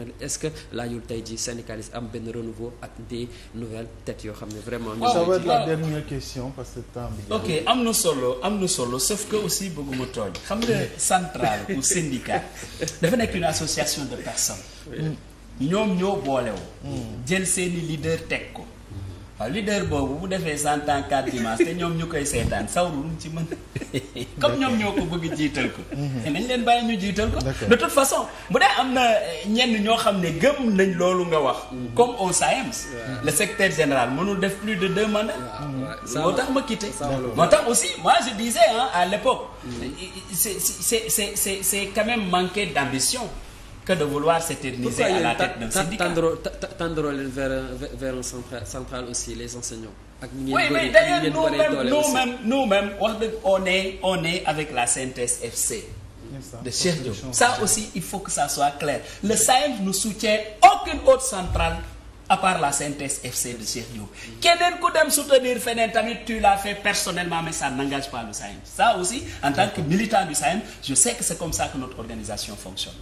mel est-ce que tey ji syndicaliste am benn renouveau ak des nouvelles têtes yoo xam ne vraiment. ñu ça va la dernière question parce que temps bi. solo am na solo sauf que aussi bëgguma tooñ. xam nga centrale ou syndicat dafa nekk une association de personnes. ñoom ñoo boolewoo. Hmm. jël seeni leader teg ko. waaw leader boobu bu defee cent ans quatre dimanche te ñoom ñu koy seetaan sawru lu ci mën comme ñoom ñoo ko bëgg jiital ko mhm. te nañ leen bàyyi ñu jiital ko de toute façon bu dee am na eh, ñenn ñoo xam ne gëm nañ loolu nga wax mhm. comme au SAEMS le secteur général mënul def plus de deux mandats moo tax ma quitté moo tax aussi moi je disais ah à l'époque mhm. c'est c'est c'est c'est quand même manqué d'ambition que de vouloir s'éterniser à la tête d'un vers un central aussi les enseignants. ak ñi ngeen bëri nous même nous même on est avec la CNTS FC. de Cheikh Diop ça aussi il faut que ça soit clair le SAEMS ne soutient aucune autre centrale à part la CNTS FC de Cheikh Diop. keneen ku dem soutenir tamit tu l'as fait personnellement mais ça n'engage pas le SAEMS ça aussi en tant que militant du SAEMS je sais que c'est comme ça que notre organisation fonctionne.